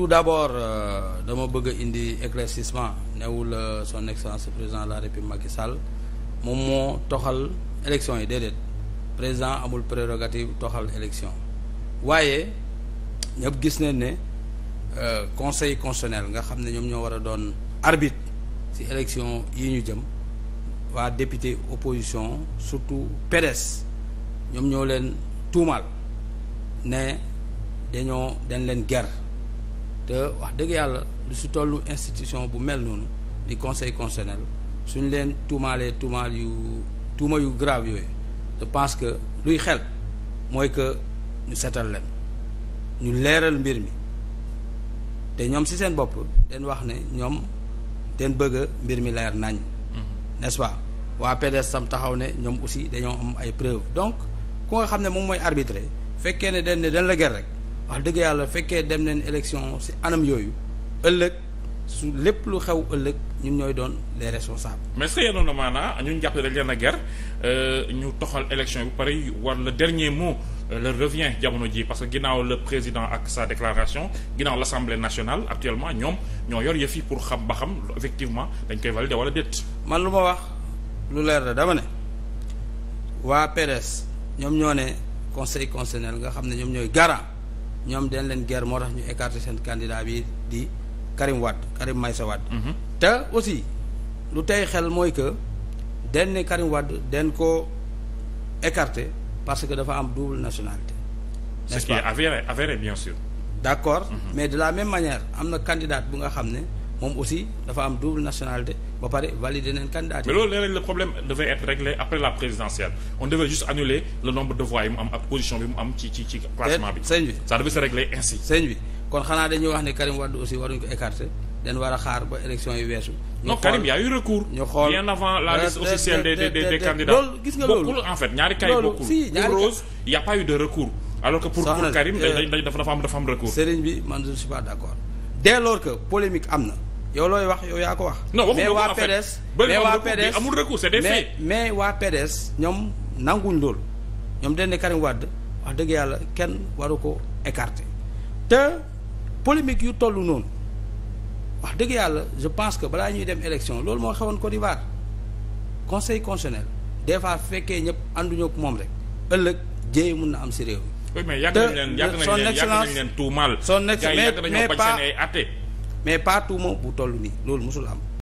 tout d'abord euh, dama bëgg a indi éclaircissement newul euh, son excellence président la république Macky Sall moom moo toxal élection yi déedéet président amul prérogative toxal élection waaye ñëpp gis nañ ne euh, conseil constitutionnel nga xam ne ñoom ñoo war a doon arbitre ci élection yi ñu jëm waa député opposition surtout PDS ñoom ñoo leen tuumaal ne dañoo dañ leen guerre wax dëgg yàlla lu si tollu institution bu mel noonu di conseil constitutionnel suñ leen tuumaalee tuumaal yu tuuma yu grave yooyu je pense que luy xel mooy que ñu seetal leen ñu leeral mbir mi te ñoom si seen bopp den wax ne ñoom den bëgg mbir mi leer nañ mm-hmm. nest pas waa PDS sam taxaw ne ñoom aussi dañoo am ay preuves donc ku nga xam ne moom mooy arbitré fekkee ne den ne den la ger rek wax dëgg yàlla fekkee dem nañ élection ci anam yooyu ëllëg su lépp lu xew ëllëg ñu ñooy doon les responsables. mais est-ce que yéen maanaa ñu jàpp dañ leen a ger euh, ñu toxal élection bi pare war la dernier mot euh, leur revient jamono ji parce que ginnaaw le président ak sa déclaration ginnaaw l'Assemblée nationale actuellement ñoom ñoo yor yëf pour xam ba xam effectivement dañ koy valider wala déet. man lu ma wax lu leer la dama ne waa PDS ñoom ñoo ne conseil constitutionnel nga ñoom dañ leen guerre moo tax ñu écarter seen candidat bi di Karim Wade Karim Meïssa Wade. Mhm. te aussi lu tey xel mooy que dañ ne Karim Wade dañ ko écarter parce que dafa am double nationalité. n'est-ce d'accord mhm. mais de la même manière am na candidat bu nga xam ne. moom aussi dafa am double nationalité ba pare valider neen candidat mais loolu nee nañ problème devait être réglé après la présidentielle on devait juste annuler le nombre de voix yi mu am ak position bi mu am ci ci ci classement bi sëñ bi ça devait se régler ainsi sëñ bi kon xanaa dañuy wax ne Karim Wade aussi waruñu ko écarter dañ war a xaar ba élection yi weesu non Karim y a eu recours ñu xool bien avant la pas eu de recours alors na yow looy wax yow yaa ko wax. non waxuñu ko en fait mais waa PDS. amul mais waa PDS ñoom nanguñ loolu ñoom dañ ne Karim Wade wax dëgg yàlla kenn waru ko écarte te polémique yu toll noonu wax dëgg yàlla je pense que balaa ñuy dem élection loolu moo xewoon Côte d'Ivoire conseil constitutionnel des fois fekkee ñëpp ànduñu ak moom rek ëllëg jéey mun na am si réew mi. te son excellence son excellence mais mais mais pas tout bu toll nii loolu mosul am.